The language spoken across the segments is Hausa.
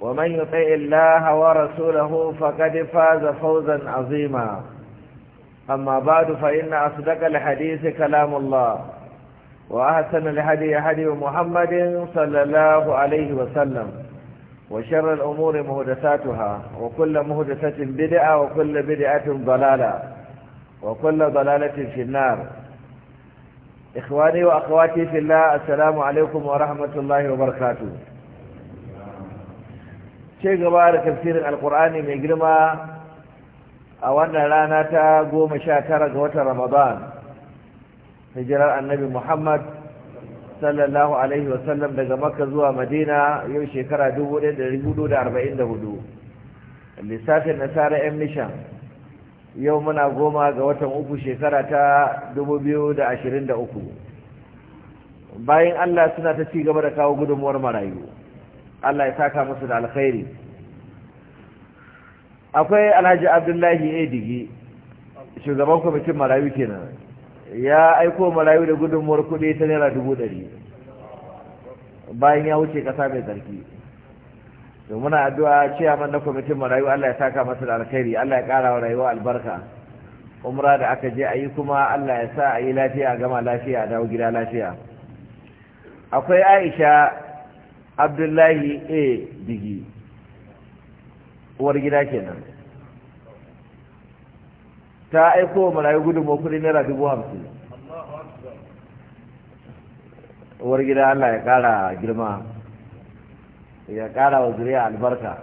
ومن يطع الله ورسوله فقد فاز فوزا عظيما أما بعد فإن أصدق الحديث كلام الله وأحسن الهدي هدي محمد صلى الله عليه وسلم وشر الأمور مهدساتها وكل مهدسة بدعة وكل بدعة ضلالة وكل ضلالة في النار إخواني وأخواتي في الله السلام عليكم ورحمة الله وبركاته ce gaba da tafsirin alkur'ani mai girma a wannan rana ta goma sha tara ga watan ramadan hijirar annabi muhammad sallallahu alaihi wasallam daga makka zuwa madina yau shekara 1444 lissafin nasara yan Mishan, yau muna goma ga watan uku shekara ta 2023 bayan allah suna ta ci gaba da kawo gudunmuwar marayu Allah ya saka musu da alkhairi akwai alhaji abdullahi edigi shugaban kwamitin marayu kenan ya aiko marayu da gudunmuwar kuɗi ta naira dubu ɗari bayan ya wuce ƙasa mai tsarki to muna addu'a ciyaman na kwamitin marayu Allah ya saka masa da alkhairi Allah ya kara wa rayuwa albarka umra da aka je a yi kuma Allah ya sa a yi lafiya a gama lafiya a dawo gida lafiya akwai aisha abdullahi a digi uwar gida kenan ta aiko wa marayu gudunmu kudi naira dubu hamsin uwar gida allah ya kara girma ya kara wa zuriya albarka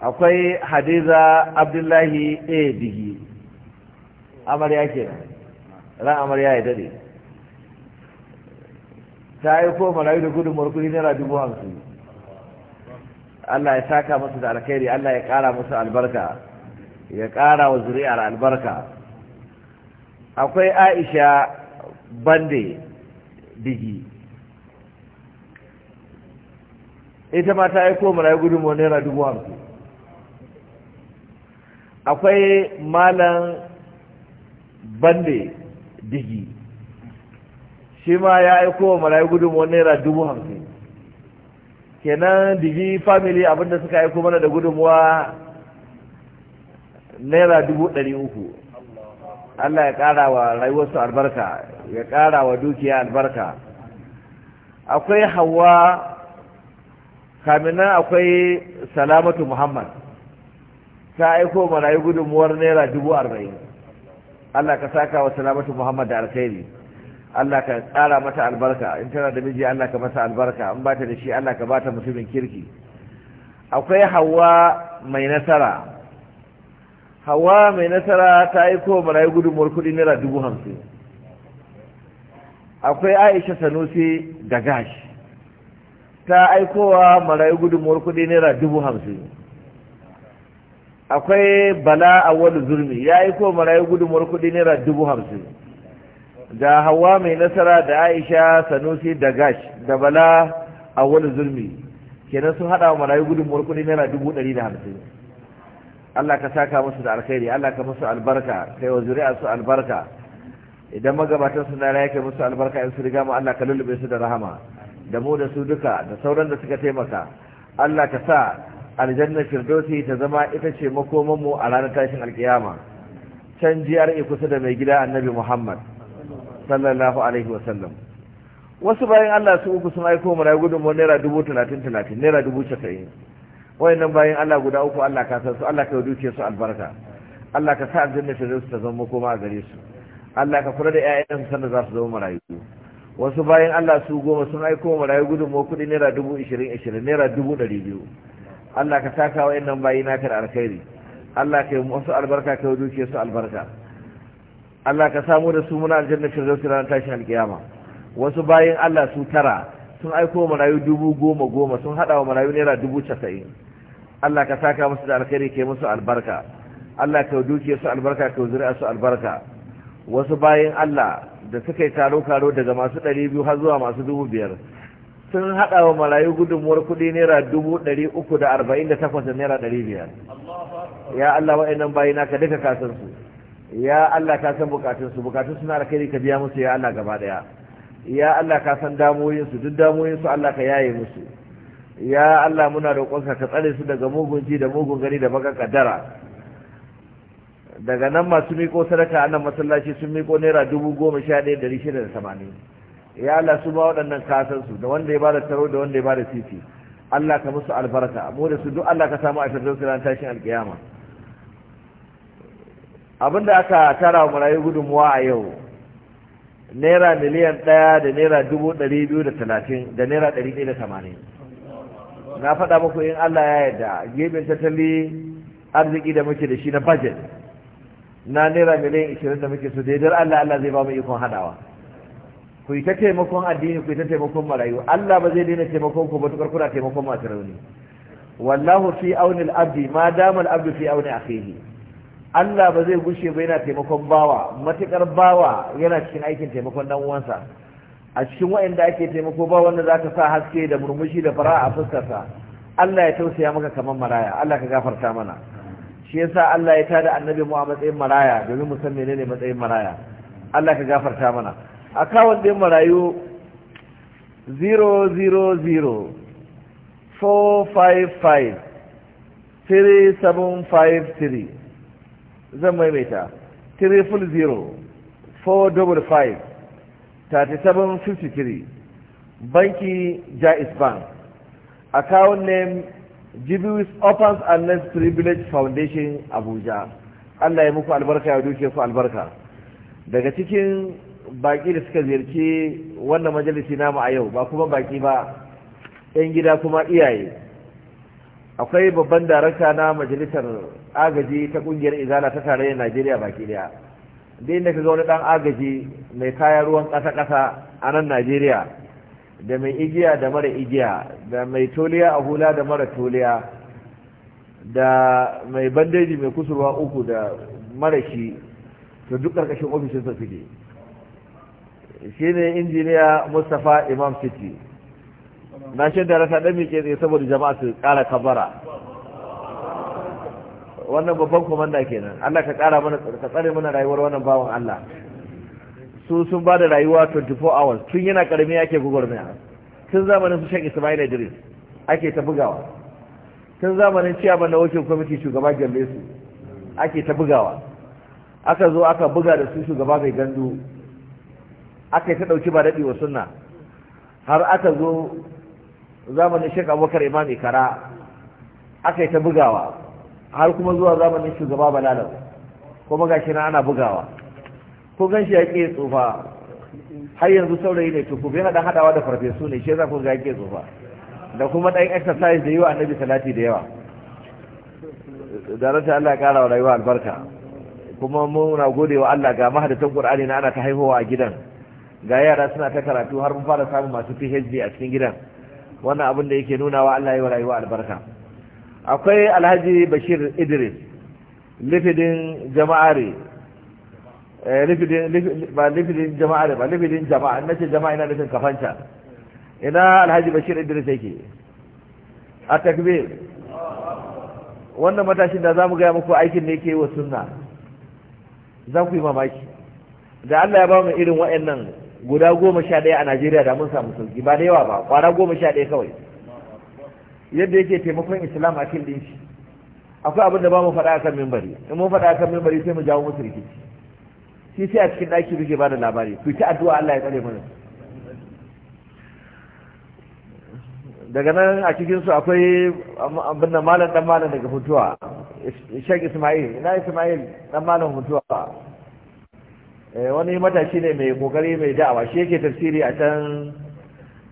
akwai hadiza abdullahi a digi amarya kenan ran amarya ya dade ta yi ko marayu da gudun murkuri naira dubu hamsin Allah ya saka musu da alkhairi Allah ya ƙara musu albarka ya ƙara wa zuri'ar albarka akwai aisha bande digi ita ma ta yi aiko marayu murkuri naira dubu hamsin akwai malam bande digi shi ma ya aiko wa marayu gudunmuwar naira dubu hamsin kenan digi family abinda suka aiko mana da gudunmuwa naira dubu ɗari uku Allah ya ƙara wa rayuwarsu albarka ya ƙara wa dukiya albarka akwai hawa kamina akwai salamatu muhammad ta aiko marayu gudunmuwar naira dubu arba'in Allah ka saka wa salamatu muhammad da alkhairi Allah ka tsara mata albarka in tana da miji Allah ka masa albarka in bata da shi Allah ka bata mutumin kirki akwai hawa mai nasara hawa mai nasara ta yi ko marayi gudunmuwar kudi naira dubu hamsin akwai aisha sanusi da gash ta aikowa marayi gudunmuwar kudi naira dubu hamsin akwai bala a wani zurmi ya aiko marayi gudunmuwar kudi naira dubu hamsin da hawa mai nasara da aisha sanusi da gash da bala a wani zulmi kenan sun hada wa marayu gudun murkuni naira dubu ɗari da hamsin allah ka saka musu da alkhairi allah ka musu albarka kai wa zuri'a su albarka idan magabatan su na raya kai musu albarka in su riga mu allah ka lullube su da rahama da mu da su duka da sauran da suka taimaka allah ka sa aljanna firdausi ta zama ita ce makomanmu a ranar tashin alkiyama can jiyar kusa da mai gida annabi muhammad sallallahu alaihi wa sallam wasu bayan Allah su uku sun aiko mana gudunmu naira dubu talatin talatin naira dubu casa'in wayannan bayan Allah guda uku Allah ka san su Allah ka duke su albarka Allah ka sa aljanna ta ta zama koma a gare su Allah ka kula da ƴaƴan su sanda za su zama marayu wasu bayan Allah su goma sun aiko marayu mu kuɗi naira dubu ishirin ishirin naira dubu ɗari biyu Allah ka saka wayannan bayi naka da alkhairi Allah ka yi musu albarka ka duke su albarka Allah ka samu da su muna aljanna firdausi ranar tashi alkiyama wasu bayan Allah su tara sun aiko marayu dubu goma goma sun haɗa wa marayu naira dubu casa'in Allah ka saka musu da alkhairi ke musu albarka Allah ka duke su albarka ka zuri'a su albarka wasu bayan Allah da suka yi taro karo daga masu ɗari biyu har zuwa masu dubu biyar sun haɗa wa marayu gudunmuwar kuɗi naira dubu ɗari uku da arba'in da takwas da naira ɗari biyar ya Allah wa'annan bayina ka duka kasansu ya Allah ka san bukatunsu bukatun suna da kai ka biya musu ya Allah gaba daya ya Allah ka san damoyinsu duk damoyinsu Allah ka yaye musu ya Allah muna roƙonka ka tsare su daga mugun ji da mugun gani da baka kaddara daga nan masu miko sadaka a nan masallaci sun miko naira dubu goma sha ɗaya ɗari shida da tamanin ya Allah su ba waɗannan kasan su da wanda ya ba da taro da wanda ya ba da titi Allah ka musu albarka mu da su duk Allah ka samu a firdausi ran tashin alkiyama abinda aka tara marayu gudunmuwa a yau naira miliyan ɗaya da naira dubu ɗari biyu da talatin da naira ɗari ɗaya da tamanin na faɗa muku in allah ya yarda gemin tattali arziki da muke da shi na budget na naira miliyan ishirin da muke su daidar allah allah zai ba mu ikon haɗawa ku yi ta taimakon addini ku yi ta taimakon marayu allah ba zai daina taimakon ku ba tukar kuna taimakon masu rauni wallahu fi aunil abdi ma damal abdu fi auni akhihi Allah ba zai gushe ba yana taimakon bawa matukar bawa yana cikin aikin taimakon dan uwansa a cikin waɗanda ake taimako ba wanda za zaka sa haske da murmushi da fara a fuskarsa Allah ya tausaya maka kamar maraya Allah ka gafarta mana shi yasa Allah ya tada annabi mu a matsayin maraya domin mu san menene matsayin maraya Allah ka gafarta mana akawun din marayu 000 3753 zan maimaita 300-455-3753 banki jais bank account name jibiwis opens and less privilege foundation abuja allah ya muku albarka ya duke ku albarka daga cikin baki da suka ziyarci wannan majalisi namu a yau ba kuma baki ba 'yan gida kuma iyaye akwai babban darakta na majalisar agaji ta kungiyar izala ta tarayyar najeriya baki daya da inda ka zo wani dan agaji mai kayan ruwan kasa-kasa a nan najeriya da mai igiya da mara igiya da mai toliya a hula da mara toliya da mai bandeji mai kusurwa uku da mara shi to duk karkashin ofishinsa fide shi ne injiniya mustapha imam city na shaidara rasa ɗan miƙe tsaye saboda jama'a su ƙara kabara wannan babban komanda kenan Allah ka ƙara mana ka tsare mana rayuwar wannan bawan Allah su sun ba da rayuwa 24 hours tun yana ƙarami ake gwagwarmaya. tun zamanin su shan Ismail Idris ake ta bugawa tun zamanin ban na wakil kwamiti shugaba gyalle su ake ta bugawa aka zo aka buga da su shugaba mai gandu aka yi ta ɗauki ba daɗi wa sunna har aka zo zamanin shek abubakar imami kara aka yi ta bugawa har kuma zuwa zamanin shugaba balalau kuma gashi na ana bugawa ko gan shi ya ke tsufa har yanzu saurayi ne tuku bai yana haɗawa hadawa da farfesu ne shi za ku ga ya ke tsufa da kuma dan exercise da wa annabi salati da yawa da ranta Allah ya kara wa rayuwa albarka kuma muna gode wa Allah ga mahadatan Qur'ani na ana ta haihuwa a gidan ga yara suna ta karatu har mun fara samun masu PhD a cikin gidan wannan abin da yake nuna wa Allah ya wa rayuwa albarka akwai alhaji bashir idris lifidin jama'are ba eh, lifidin jama'are ba lifidin jama'a na ce jama'a ina nufin kafanta ina alhaji bashir idris yake a takbir wannan matashin da za mu gaya muku aikin da yake wa sunna za ku yi mamaki da Allah ya ba mu irin wa'annan guda goma sha ɗaya a najeriya da mun samu sauki ba da yawa ba kwana goma sha ɗaya kawai yadda yake taimakon islam a kan shi akwai abin da ba mu faɗa akan mimbari in mun faɗa akan mimbari sai mu jawo musu rikici shi sai a cikin ɗaki muke ba da labari ku ta addu'a Allah ya tsare mana daga nan a cikin su akwai abin da malam dan malam daga hutuwa shek Ismail ina Ismail dan malam hutuwa Eh, wani matashi ne mai kokari mai da'awa shi yake tafsiri a can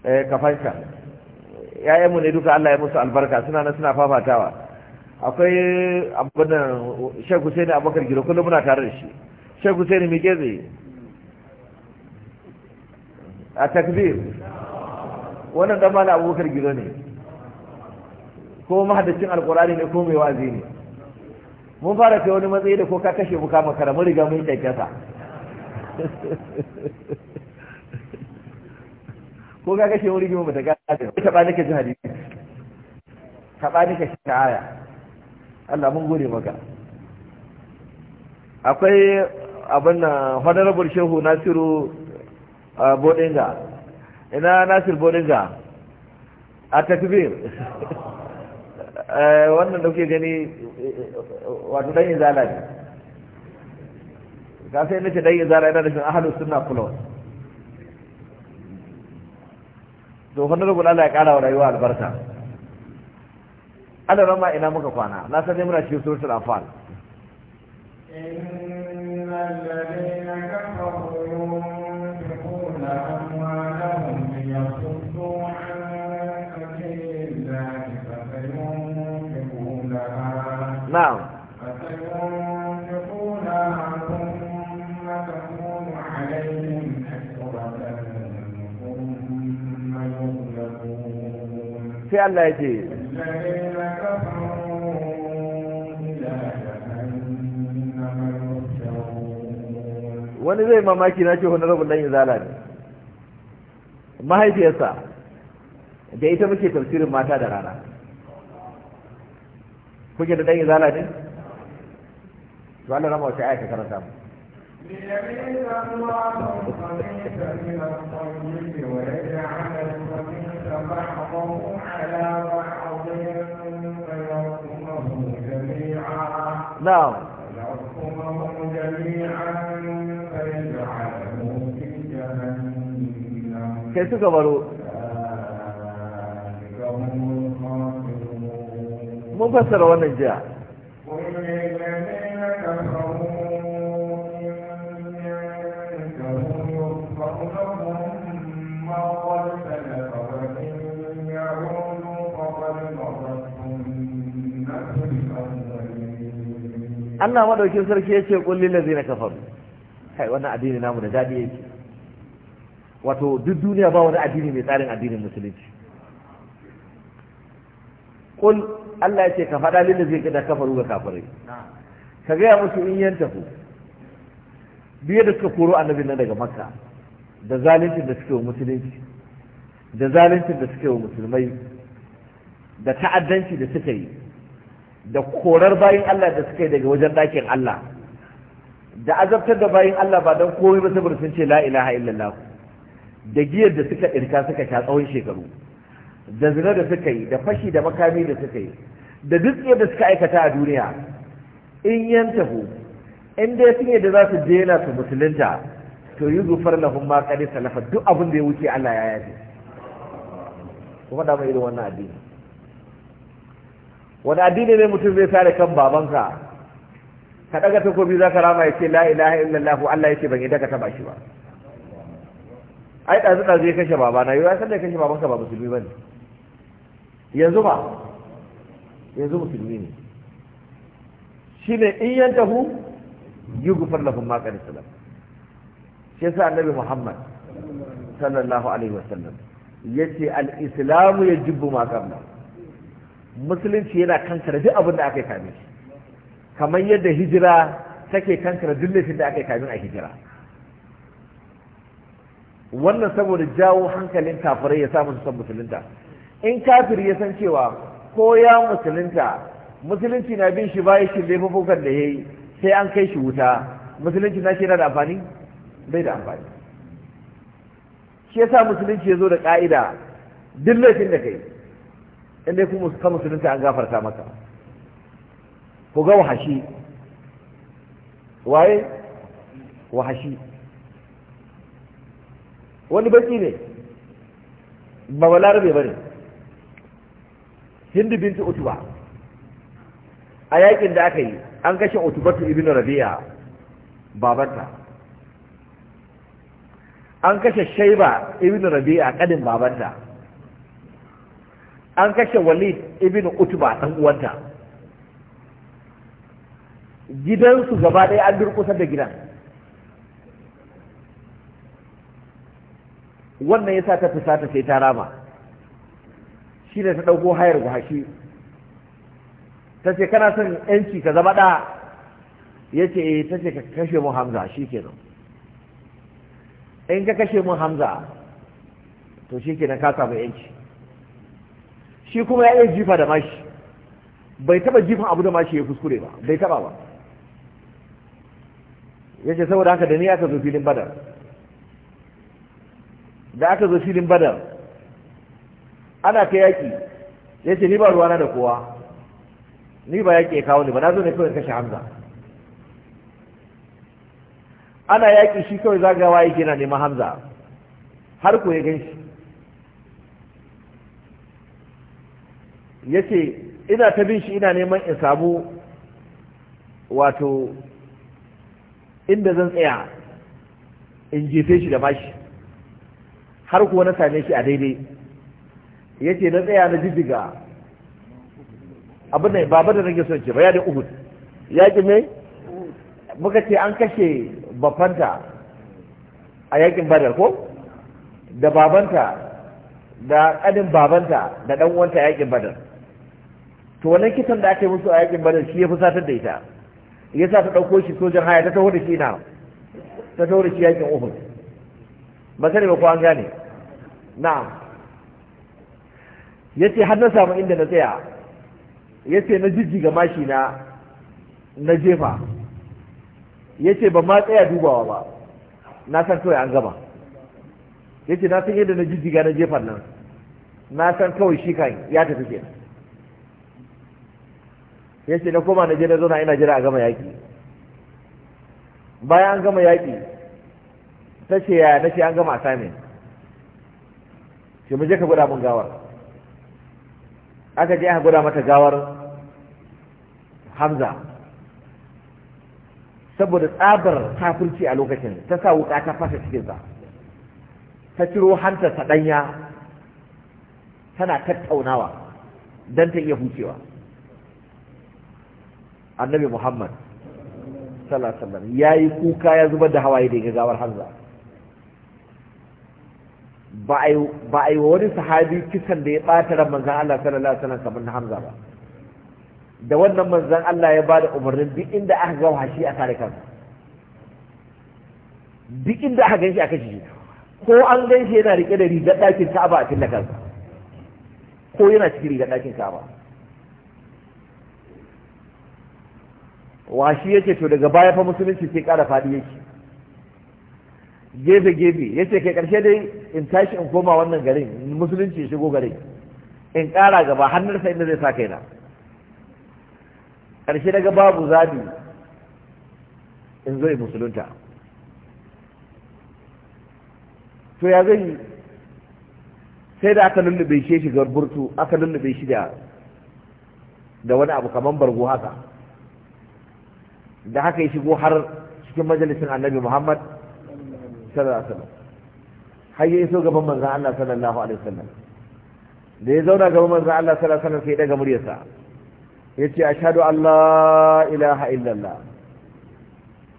eh, kafanta ya'yanmu ne duka Allah ya musu albarka suna nan suna fafatawa akwai abinan Sheikh Hussein Abubakar Giro kullum muna tare da shi Sheikh Hussein geze a takbir wannan dan mala Abubakar Giro ne ko mahaddacin alkurani ne ko mai wazi ne mun fara kai wani matsayi da ko ka kashe mu kama karamin riga mun kyakkyafa ko ga kashe wuri gima bata gada ba taɓa nake ji hadisi taɓa nake shi aya Allah mun gode maka akwai abin na honorable shehu nasiru uh, bodinga ina nasir bodinga a takbir eh, wannan da kuke gani eh, eh, wato dan izala ne ga sai nace dan izara yana nufin ahlus sunna kullu to honorable Allah ya kara wa rayuwa albarka Allah rama ina muka kwana na san dai muna cikin suratul anfal innal na'am sai Allah ya ce wani zai mamaki na ce honorable dan izala ne mahaifiyarsa da ita muke tafsirin mata da rana kuke da dan izala ne to Allah rama wace aya ka karanta mu ليميز الله الخبيث من الطيب ويجعل الخبيث بعضه على بعض فيرقمه جميعا نعم فيرقمه جميعا فيجعله في جهنم كيف هم كبروا؟ mun fassara wannan jiya Allah madaukin sarki yace qul lil kafaru kai wannan addini namu da dadi yake wato duk duniya ba wani addini mai tsarin addinin musulunci qul Allah yace ka fada lil ladzina kafaru ga kafirai ka gaya musu in yan tafi biye da suka koro annabin nan daga makka da zaluncin da suke wa musulunci da zaluncin da suke wa musulmai da ta'addanci da suka yi da korar bayin Allah da suka yi daga wajen dakin Allah da azabtar da bayin Allah ba don komai ba saboda sun ce la ilaha illallah da giyar da suka irka suka sha tsawon shekaru da zina da suka yi da fashi da makami da suka yi da duk da suka aikata a duniya in yan taho in dai sun da za su daina su musulunta to yi zufar lahun ma kare duk abin da ya wuce Allah ya yafe kuma da mai irin wannan addini wani addini ne mutum zai sare kan babanka ka daga takobi za ka rama ya ce la ilaha illallah ko Allah ya ce ban yi ka taba shi ba ai ɗazu ɗazu ya kashe babana yau ya san da ya kashe babanka ba musulmi ba ne yanzu ba yanzu musulmi ne shi ne in yantahu yi gufar lafin makar islam shi sa annabi muhammad sallallahu alaihi wasallam ya ce al-islamu ya jibbu makar musulunci yana kankara duk abin da aka yi kamin, shi kamar yadda hijira take kankara duk laifin da aka yi kamin a hijira wannan saboda jawo hankalin kafirai ya samu san musulunta in kafir ya san cewa ko ya musulunta musulunci na bin shi bayan shi laifukan da ya yi sai an kai shi wuta musulunci na shi yana da amfani bai da amfani shi yasa musulunci ya zo da ka'ida duk laifin da kai Inda dai kuma musulunta an gafarta maka ku ga wahashi waye wahashi wani baki ne ba ba larabe ba ne hindu binti utuba a yakin da aka yi an kashe utubatu ibn rabi'a babanta an kashe shaiba ibn rabi'a kadin babanta an kashe walid ibn utba dan uwanta gidansu gaba ɗaya an durkusa da gidan wannan yasa ta ta sai ta rama shi ne ta ɗauko hayar guhashi ta ce kana son yanci ka zama ɗa ya ce eh ta ce ka kashe mu hamza shi kenan in ka kashe mu hamza to shi kenan ka samu yanci shi kuma ya iya jifa da mashi bai taba jifan abu da mashi ya kuskure ba bai taba ba ya ce saboda haka da ni aka zo filin badar da aka zo filin badar ana ka yaƙi ya ce ni ba ruwana da kowa ni ba yaƙi ya kawo ni ba na zo ne kawai kashe hamza ana yaƙi shi kawai zagawa yake na neman hamza har ku ya gan shi yace ina ta bin shi ina neman in samu wato inda zan tsaya in jefe shi da bashi har kuwa na same shi a daidai yace na tsaya na jijjiga abin da babar da nake son ce ba ya uhud ya ki me muka ce an kashe bafanta a yakin badar ko da babanta da ƙanin babanta da ɗan wanta yakin badar to wannan kisan da aka yi musu a yakin badar shi ya satar da ita ya sa ta ɗauko shi sojan haya ta taho da shi na ta taho da shi yakin uhud ba sani ba ko an gane na'am ce har na samu inda na tsaya ya ce na jijjiga mashi na na jefa ya ce ba ma tsaya dubawa ba na san kawai an gama ce na san yadda na jijjiga na jefan nan na san kawai shi kan ya tafi kenan ya ce na koma na je na zauna ina jira a gama yaƙi bayan an gama yaƙi ta ce yaya na ce an gama assignment ce mu je ka gwada mun gawar aka je aka gwada mata gawar hamza saboda tsabar kafirci a lokacin ta sa wuka ta fasa cikinsa ta ciro ta ɗanya tana tattaunawa don ta iya hucewa annabi muhammad sallallahu ya yi kuka ya zubar da hawaye da gagawar hamza ba a yi wa wani sahabi kisan da ya ɓata ran manzan Allah sallallahu alaihi wasallam kamar na Hamza ba da wannan manzan Allah ya ba da umarnin duk inda aka ga washi a kare kansa duk inda aka ganshi aka shi ko an ganshi yana riƙe da rigar ɗakin Ka'aba a tilla kansa ko yana cikin rigar ɗakin Ka'aba washi yace to daga baya fa musulunci sai kara fadi yake gefe gefe yace kai karshe dai in tashi in koma wannan garin musulunci ya shigo garin in kara gaba hannun sai inda zai sa kaina karshe daga babu zabi in zo musulunta to ya zai sai da aka lullube shi shi burtu aka lullube shi da da wani abu kamar bargo haka da haka ya shigo har cikin majalisin annabi muhammad sallallahu alaihi wasallam har ya iso gaban manzan allah sallallahu alaihi wasallam da ya zauna gaban manzan allah sallallahu alaihi wasallam sai ya daga muryarsa ya ce ashhadu an la ilaha illallah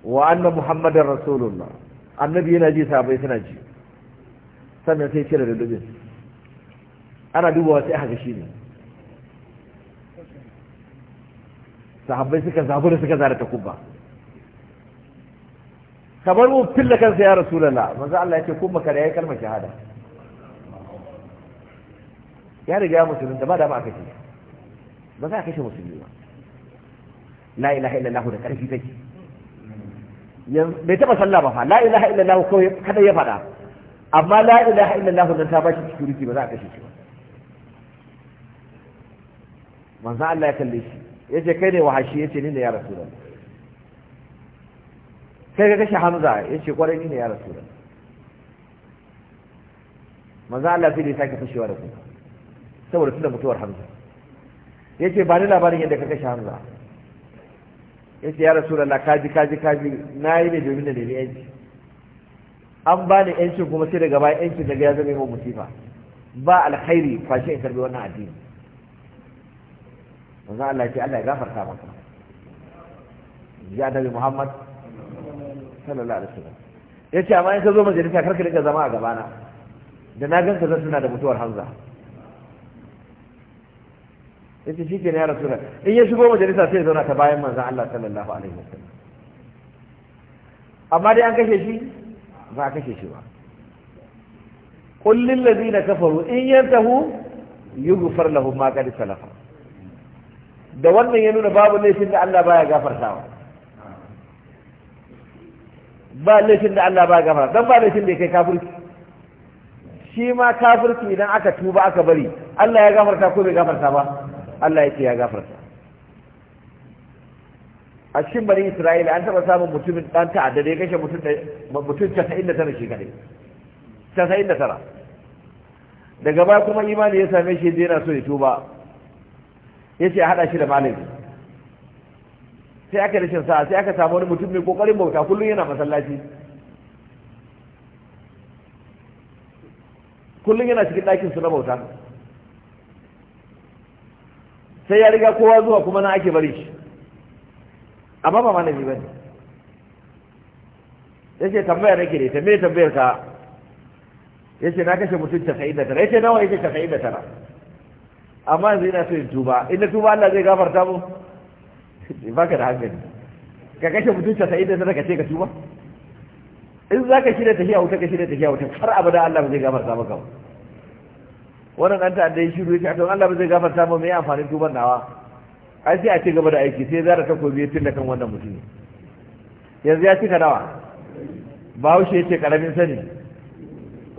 wa anna muhammadar rasulullah annabi yana ji sabai suna ji sannan sai cire da dubin ana dubawa sai haka shi ne sahabbai suka zabura suka zara ta kubba kamar mu filla kansa ya rasulullah manzo Allah ya ce kuma kare yayi kalmar shahada ya riga ya musulun da ba da ba aka ce ba za a kashe musulmi ba la ilaha illallah da karfi take bai taba sallah ba fa la ilaha illallah ko kada ya fada amma la ilaha illallah dan ta bashi security ba za a kashe shi ba manzo Allah ya kalle shi ya ce kai ne wahashi ya ce ni ne ya rasu da kai ka kashe hamza ya ce kwarai ni ne ya rasu da maza Allah sai ya sake fashewa da su saboda da mutuwar hamza ya ce ba ni labarin yadda ka kashe hamza ya ce ya rasu da kaji kaji kaji na yi ne domin da nemi yanci an ba ni yancin kuma sai daga gaba yancin daga ya zama yi musifa ba alkhairi fashe in karbi wannan addini manzo Allah ce Allah ya gafarta maka ya dabi Muhammad sallallahu alaihi wasallam yace amma in ka zo majalisa karka rika zama a gaba na. da na ganka zan tuna da mutuwar Hamza yace shi ne ya rasula in ya shigo majalisa sai ya zauna ta bayan manzon Allah sallallahu alaihi wasallam amma dai an kashe shi ba a kashe shi ba qul ladina kafaru in yantahu yughfar lahum ma qad salafa da wannan ya nuna babu laifin da Allah baya gafartawa ba laifin da Allah baya gafarta dan ba laifin da ya kai kafirci shi ma kafirci idan aka tuba aka bari Allah ya gafarta ko bai gafarta ba Allah ya ce ya gafarta a cikin bani Isra'ila an taba samun mutumin dan ta'adda da ya kashe mutum mutum 99 shi kadai 99 daga baya kuma imani ya same shi dai yana so ya tuba ya ce a haɗa shi da malami sai aka rashin sa'a sai aka samu wani mutum mai kokarin bauta kullum yana masallaci kullum yana cikin ɗakin su na bauta sai ya riga kowa zuwa kuma na ake bari shi amma ba malami ba ne ya ce tambayar nake ne tambayar ka ya ce na kashe mutum casa'in da tara ya ce nawa ya ce casa'in da tara amma yanzu ina so in tuba in na tuba Allah zai gafarta mu baka da hankali ka kashe mutum casa'in da ka ce ka tuba in za ka shirya tafiya wuta ka shirya tafiya wuta har abada Allah zai gafarta maka wannan an ta'adda ya shiru yake to Allah zai gafarta mu me amfanin tuban nawa ai sai a ci gaba da aiki sai zara ta kobe tun da kan wannan mutum yanzu ya cika nawa ba ya ce karamin sani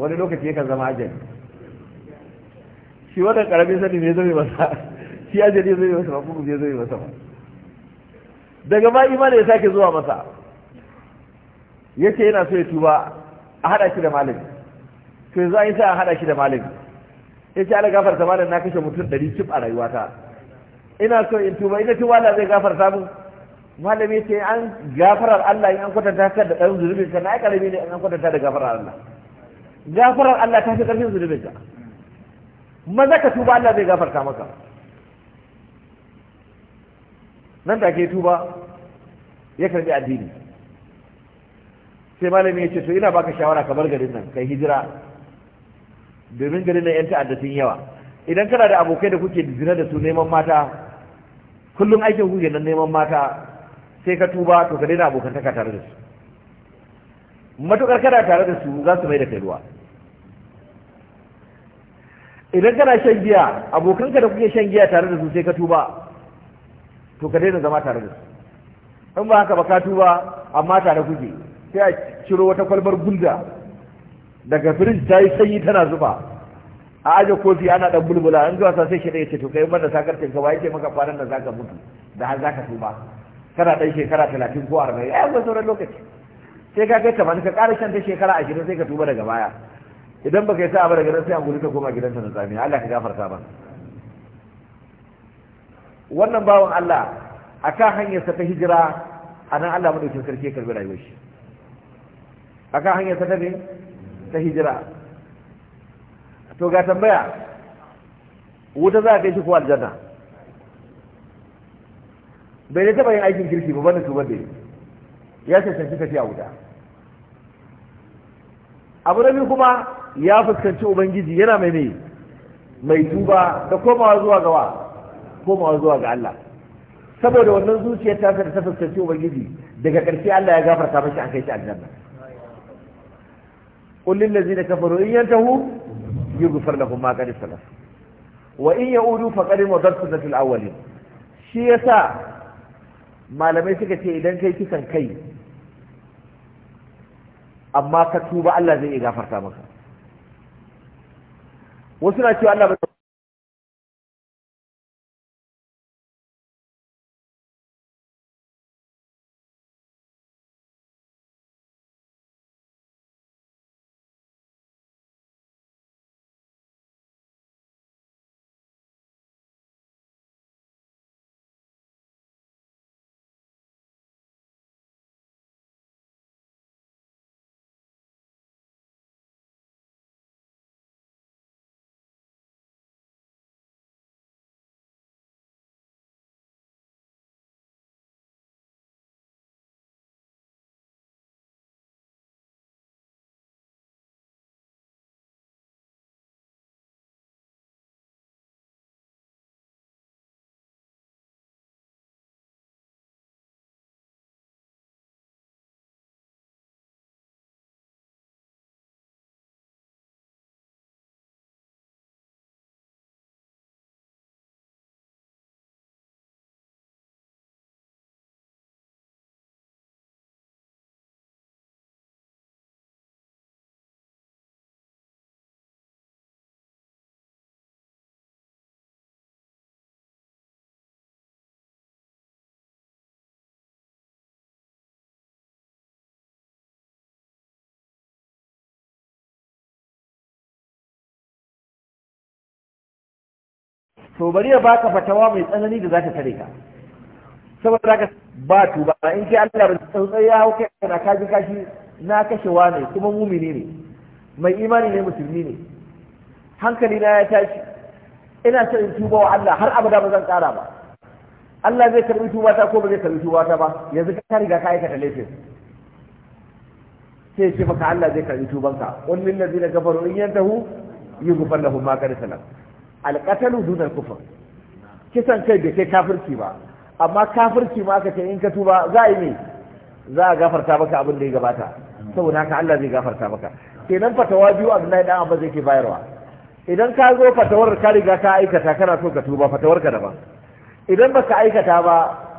wani lokaci yakan zama ajali shi wata karamin sani ne zai masa shi ajali zai masa mafi kuma zai masa ba daga ma imani ya sake zuwa masa Ya ce yana so ya tuba a hada shi da malami to yanzu an yi sa a hada shi da malami yace ala gafarta malam na kashe mutum ɗari cip a rayuwata ina so in tuba ina tuba Allah zai gafarta mu malami ce an gafarar Allah in an kwatanta ka da ɗan zunubin ka na ai karami ne in an kwatanta da gafarar Allah gafarar Allah ta fi ƙarfin zunubin ka maza ka tuba Allah zai gafarta maka nan take tuba ya karbi addini sai malami ya ce to ina baka shawara ka bar garin nan kai hijira domin garin nan yan ta'adda sun yawa idan kana da abokai da kuke zina da su neman mata kullum aikin kuke nan neman mata sai ka tuba to ka daina abokantaka tare da su matukar kada tare da su za su mai da kai ruwa idan kana shan giya abokanka da kuke shan giya tare da su sai ka tuba to ka daina zama tare da su in ba haka ba ka tuba amma tare kuke sai a ciro wata kwalbar gulda daga firij ta yi sanyi tana zuba a aje kofi ana dan bulbula in zuwa sai shi da ce to kai banda sakar tinka ba yake maka kwanan da zaka mutu da har zaka tuba kana ɗan shekara talatin ko arba'in ai ba sauran lokaci sai ka kai ban ka ƙara shan ta shekara ashirin sai ka tuba daga baya idan baka yi sa'a abu daga nan sai an gudu ta koma gidanta na tsami Allah ka gafarta ba wannan bawan Allah hanyar hanyarsa ta hijira a nan Allah madaukin sarki ya karbi rayuwar shi akan hanyarsa ta ne ta hijira to ga tambaya wuta za a kai shi ko aljanna bai da taɓa yin aikin kirki ba su ba dai. ya cancanci tafiya wuta abu na biyu kuma ya fuskanci ubangiji yana mai mai mai tuba da komawa zuwa gawa komawa zuwa ga Allah saboda wannan zuciyar ta ta fuskanci ubangiji daga ƙarshe Allah ya gafarta mashi an kai shi aljanna qul lil kafaru in yantahu yughfar lahum ma qad salaf wa in yaudu faqad madat sunnatul awwalin shi yasa malamai suka ce idan kai kisan kai amma ka tuba Allah zai iya gafarta maka wasu na cewa Allah to bari ya baka fatawa mai tsanani da za ta tare ka saboda ka ba tuba in kai Allah ba tsantsai ya hau kai na kaji kashi na kashewa ne kuma mumini ne mai imani ne musulmi ne hankali na ya tashi ina so in tuba wa Allah har abada ba zan kara ba Allah zai karbi tuba ta ko ba zai karbi tuba ta ba yanzu ka riga ka aikata laifin sai ce maka Allah zai karbi tubanka ka lil ladina kafaru in yantahu yughfar lahum ma kana salaf alƙatalu dunar kufur kisan kai bai kai kafirci ba amma kafirci ma aka ce in ka tuba za a yi ne za a gafarta maka abin da ya gabata saboda haka Allah zai gafarta maka kenan fatawa biyu a Abdullahi dan abin zai ke bayarwa idan ka zo fatawar ka riga ka aikata kana so ka tuba fatawar ka daban idan baka aikata ba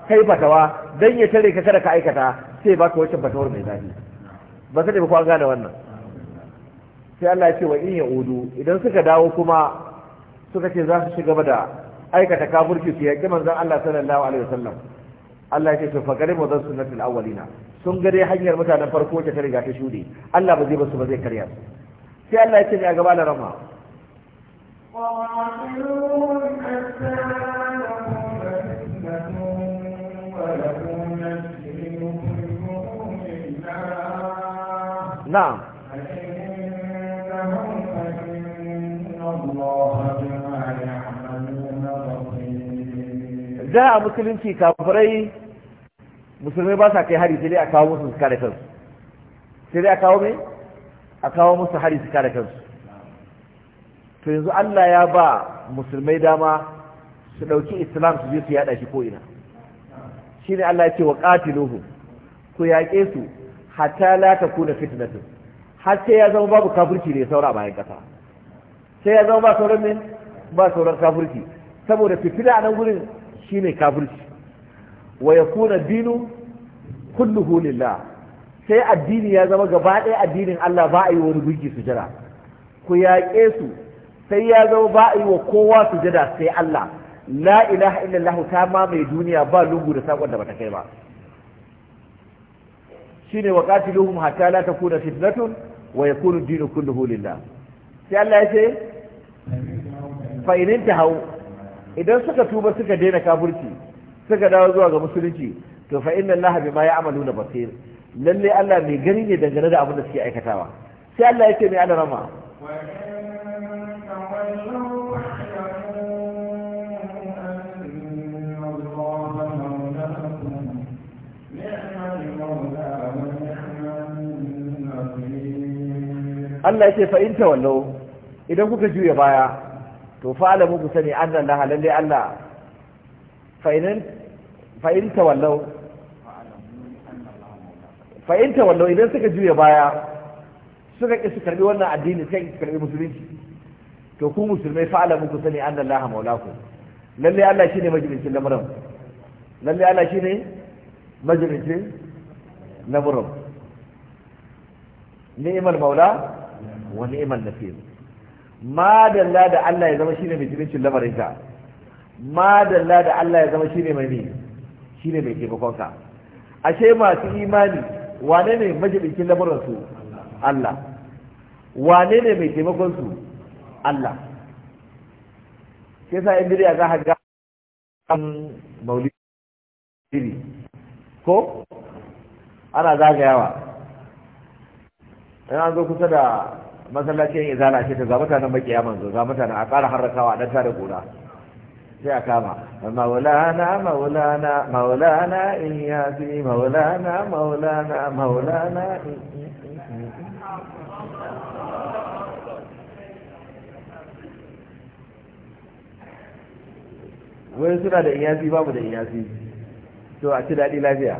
kai fatawa dan ya tare ka kada ka aikata sai baka wacce fatawar mai zafi ba sai ba ku an gane wannan sai Allah ya ce wa in ya udu idan suka dawo kuma suka ce za su ci gaba da aikata kafirci su yaƙi manzon Allah sallallahu alaihi wasallam Allah ya ce to faqari mudan sunnatul awwalina sun gare hanyar mutanen farko ta riga ta shuɗe Allah ba zai basu ba zai karya su sai Allah ya ce ga gaba da rama نعم فإنهم فإن الله da a musulunci kafirai musulmai ba sa kai hari sai dai a kawo musu su kare kansu sai dai a kawo mai a kawo musu hari su kare kansu to yanzu Allah ya ba musulmai dama su ɗauki islam su je su yaɗa shi ko'ina shi ne Allah ya ce wa ƙatiluhu ku yaƙe su hatta la ta kuna har sai ya zama babu kafirci ne saura bayan ƙasa sai ya zama ba sauran min ba sauran kafirci saboda fitina a nan gurin shine kafirci wa yakuna dinu kulluhu lillah sai addini ya zama gaba ɗaya addinin Allah ba a yi wani su jira. ku yaƙe su sai ya zama ba a yi wa kowa su jira, sai Allah la ilaha illallah ta mai duniya ba lungu da sakon da bata kai ba shine wa qatiluhum hatta la takuna fitnatun wa yakunu dinu kulluhu lillah sai Allah ya ce fa in intahu idan suka tuba suka daina kafirci suka dawo zuwa ga musulunci to fa inna allaha bima ya'maluna basir lalle Allah mai gani ne dangane da abin da suke aikatawa sai Allah yake mai alarama Allah yake fa in tawallau idan kuka juya baya to fa'ala muku sani annan laha lalle Allah fa'in wallau fa'in tawallau idan suka juya baya suka ƙi su karbi wannan addini suka ƙi su karbi musulunci to ku musulmai fa'ala muku sani Allah laha maulaku lalle Allah shine majalisin lamuran lalle Allah shine majalisin lamuran ni'mal maula wa ni'mal nasir madalla da Allah ya zama shine mai jibincin lamarinka madalla da Allah ya zama shine mai ne shine mai taimakonka ashe masu imani wane ne majibincin lamarinsu Allah wane ne mai taimakonsu Allah sai sa in za ka ga maulidi ko ana zagayawa Ina zo kusa da masallacin izana ce ta zama tana makiya manzo zama tana a ƙara harrakawa a ta da gora sai a kama maulana maulana maulana fi maulana maulana maulana wai suna da iyasi babu da iyasi to a ci daɗi lafiya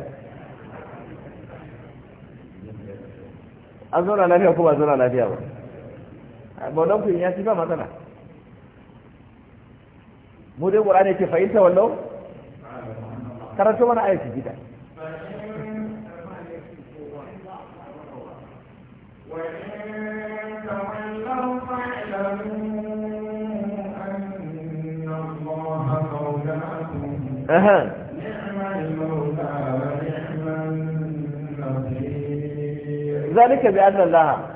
an zauna lafiya ko ba zauna lafiya ba don ku yi ci ba matsala mu dai ne ke fahimta wallau karanto mana aiki gida أها ذلك بأن الله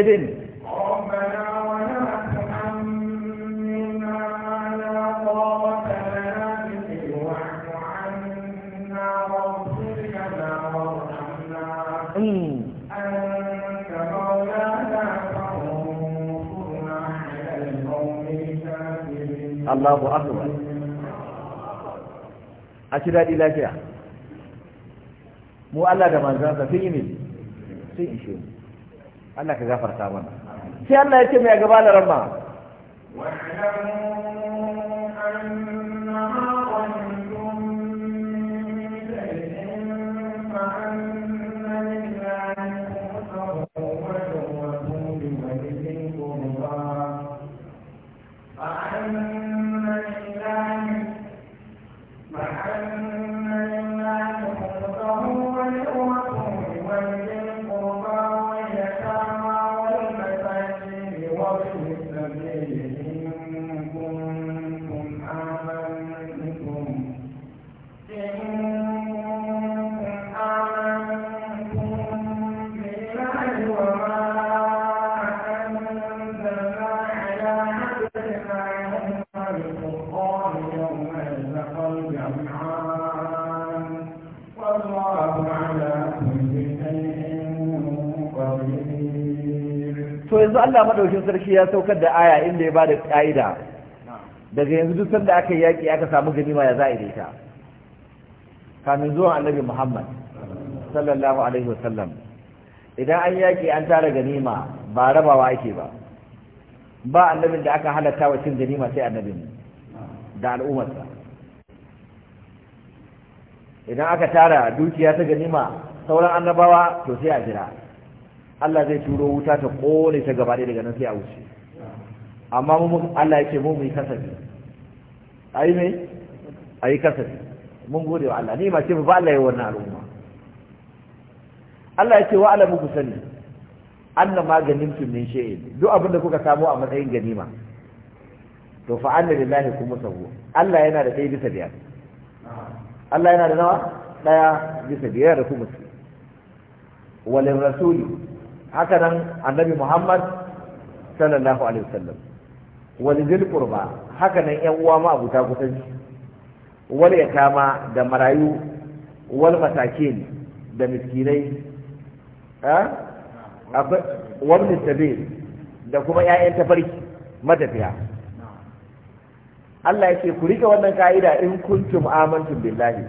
daidai hmm. Allahu akbar a ci daɗi lafiya mu Allah da manzansa sun yi ne sun Allah ka gafarta mana sai Allah ya ce mai gaba da rama wa'lamu Allah madaukin sarki ya saukar da aya inda ya bada ka'ida daga yanzu duk sanda aka yi yaƙi aka samu ganima ya za'a ta kamin zuwan annabi Muhammad sallallahu alaihi wasallam idan an yaƙi an tara ganima ba rabawa ake ba ba annabin da aka halatta wa cin ganima sai annabin da al'ummarsa idan aka tara dukiya ta ganima sauran annabawa to sai a jira Allah zai turo wuta ta kone ta gaba daga nan sai a wuce amma mu Allah ya ce mu mu yi kasafi ayi me ayi kasafi mun gode wa Allah ni ma ce ba Allah ya wannan al'umma Allah ya ce wa alamu ku sani anna maganin tun min shay'in duk abin da kuka samu a matsayin ganima to fa anna lillahi kuma sahu Allah yana da ɗaya bisa biyar Allah yana da nawa ɗaya bisa biyar da kuma walin rasuli haka nan annabi muhammad sallallahu alaihi wasallam wani zil qurba haka nan yan uwa ma abuta kusanci wal kama da marayu wal masakin da miskinai akwai wani sabil da kuma 'ya'yan tafarki matafiya Allah ya ce ku rike wannan ka'ida in kuntum amantum billahi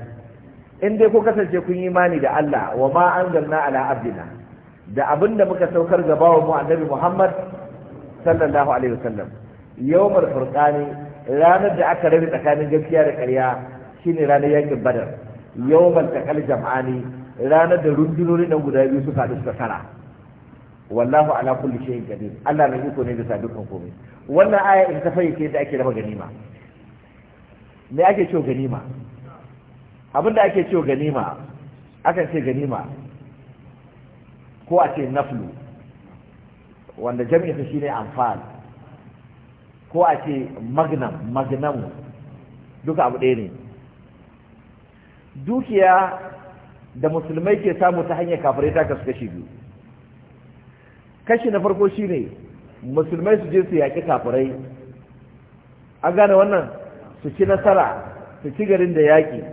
in dai ku kasance kun yi imani da Allah wa ma anzalna ala abdina da abin da muka saukar ga bawa mu annabi Muhammad sallallahu alaihi wasallam yawmar furqani ranar da aka rabe tsakanin gaskiya da ƙarya shine ranar yakin badar yawmar takal jam'ani ranar da rundunori nan guda biyu suka haɗu suka kara wallahu ala kulli shay'in qadir Allah na iko ne sa dukkan komai wannan aya in ta fayyace da ake raba ganima me ake cewa ganima abin da ake cewa ganima akan ce ganima ko a ce naflu wanda shi shine amfan ko a ce magnam magnam duka abu ɗaya ne dukiya da musulmai ke samu ta hanyar kafirai ta kasu kashi biyu kashi na farko shine musulmai su je su yaƙi kafirai an gane wannan su ci nasara su ci garin da yaƙi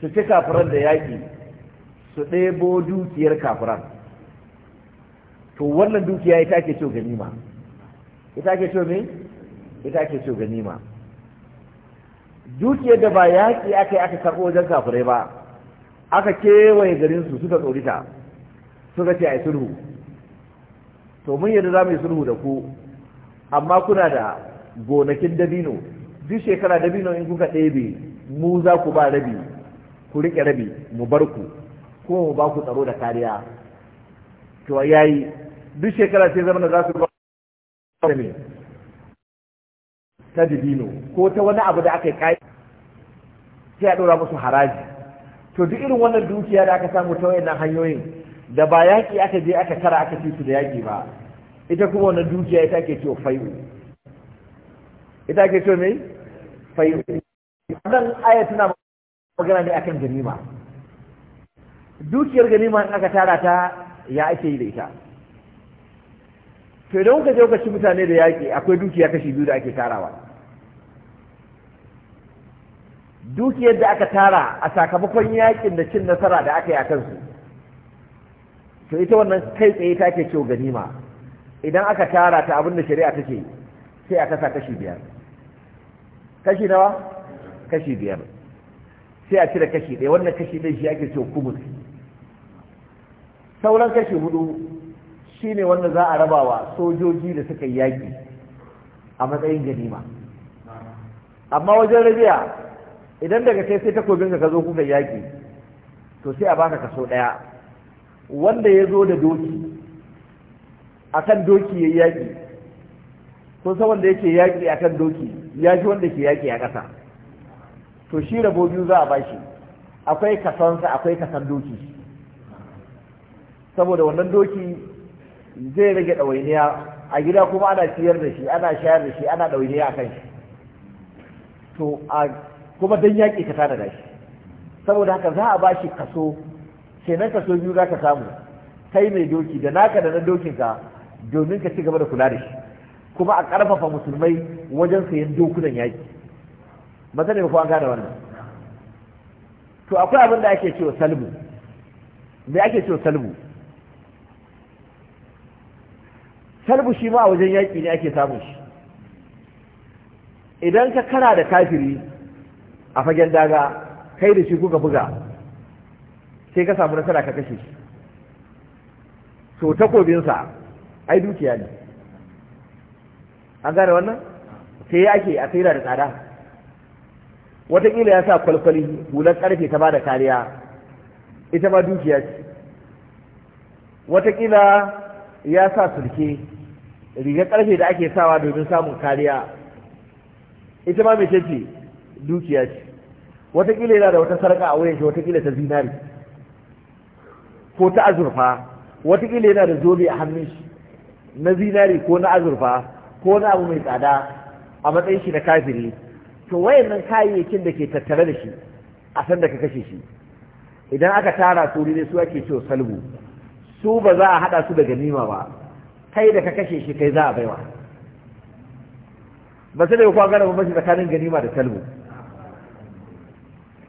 su ci kafiran da yaƙi su ɗebo dukiyar kafiran to wannan dukiya ita ke ce ganima ita ke ce me ita ke ce ganima dukiyar da ba yaƙi aka yi aka karɓo wajen kafirai ba aka kewaye garin su suka ta suka ce a yi sulhu to mun yadda za mu yi sulhu da ku amma kuna da gonakin dabino duk shekara dabino in kuka ɗebe mu za ku ba rabi ku riƙe rabi mu bar ku kuma mu ba ku tsaro da kariya to yi duk shekara sai zama da za su ba ta dibino ko ta wani abu da aka yi kai sai a ɗora musu haraji to duk irin wannan dukiya da aka samu ta wayannan hanyoyin da ba yaƙi aka je aka tara aka ci su da yaƙi ba ita kuma wannan dukiya ita ake cewa fai'u ita ake cewa mai fai'u wannan aya tana magana ne akan ganima dukiyar ganima in aka tara ta ya ake yi da ita to idan kuka je kuka ci mutane da yaƙi akwai dukiya kashi biyu da ake tarawa dukiyar da aka tara a sakamakon yaƙin da cin nasara da aka yi a kansu to ita wannan kai tsaye ta ke ciwo ganima idan aka tara ta abin da shari'a ta ce sai a kasa kashi biyar kashi nawa kashi biyar sai a cire kashi ɗaya wannan kashi ɗaya shi ake ciwo kumus sauran kashi hudu shine wanda za a raba wa sojoji da suka yi yaƙi a matsayin ganima amma wajen rabiya idan daga kai sai takobin ka zo kuka yaƙi to sai a baka kaso ɗaya wanda ya zo da doki a kan doki ya yaƙi ko sa wanda yake yaƙi a kan doki ya ji wanda ke yaƙi a ƙasa to shi rabo biyu za a bashi akwai kasonsa akwai kasan doki saboda wannan doki zai rage ɗawainiya a gida kuma ana ciyar da shi ana shayar da shi ana ɗawainiya a kan shi to a kuma don yaƙi ka tana da shi saboda haka za a ba shi kaso kenan kaso biyu za ka samu kai mai doki da naka da dokin dokinka domin ka ci gaba da kula da shi kuma a ƙarfafa musulmai wajen sayan dokunan yaƙi mata ne ko an gane wannan to akwai abin da ake cewa salmu me ake cewa salmu salbu shi ma a wajen yaƙi ne ake samun shi idan ka kana da kafiri a fagen daga kai da shi kuka buga sai ka samu nasara ka kashe shi to takobinsa ai dukiya ne an gane wannan sai ya ake a tsira da tsada wataƙila ya sa kwalkwali hular ƙarfe ta ba da kariya ita ma dukiya ce wataƙila ya sa sulke rigar karfe da ake sawa domin samun kariya ita ma mai ce dukiya ce watakila yana da wata sarka a wayan watakila ta zinari ko ta azurfa watakila yana da zobe a hannun shi na zinari ko na azurfa ko na abu mai tsada a matsayin shi na kafiri to wayannan kayayyakin da ke tattare da shi a san da ka kashe shi idan aka tara su ne su ake cewa salbu su ba za a haɗa su da ganima ba kai da ka kashe shi kai za a baiwa ba sai da kuwa gane bambanci tsakanin ganima da salmu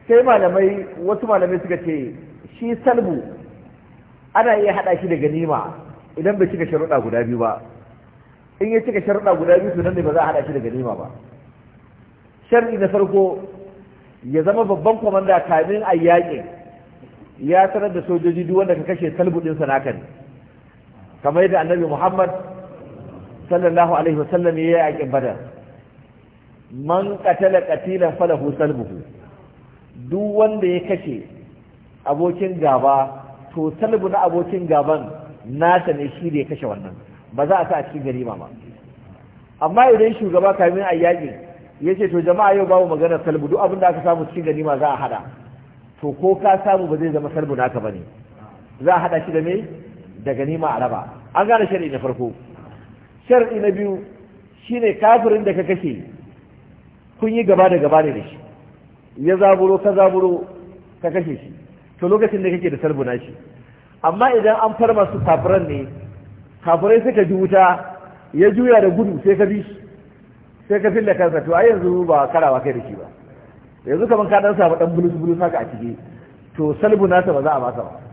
sai malamai wasu malamai suka ce shi salmu ana iya haɗa shi da ganima idan bai cika sharuɗa guda biyu ba in ya cika sharuɗa guda biyu sunan ne ba za a haɗa shi da ganima ba shar'i na farko ya zama babban kwamanda kamin a yaƙin ya sanar da sojoji duk wanda ka kashe salbu ɗinsa naka ne kamar yadda annabi muhammad sallallahu alaihi wasallam ya yi a badar man qatala qatilan falahu salbuhu duk wanda ya kashe abokin gaba to salbu na abokin gaban nasa ne shi da ya kashe wannan ba za a sa a cikin ganima ba amma idan shugaba kamin a yaƙi ya ce to jama'a yau babu maganar salbu duk abin da aka samu cikin ganima za a hada to ko ka samu ba zai zama salbu naka ba ne za a hada shi da me da ganima a raba an gane shari'i na farko shari'i na biyu shine kafirin da ka kashe kun yi gaba da gaba ne da shi ya zaburo ka zaburo ka kashe shi to lokacin da kake da salbuna shi amma idan an farma su kafiran ne kafirai suka ji wuta ya juya da gudu sai ka bi shi sai ka fille kansa to ai yanzu ba karawa kai da shi ba yanzu kamar ka dan samu dan bulus bulus haka a ciki to salbuna ta ba za a masa ba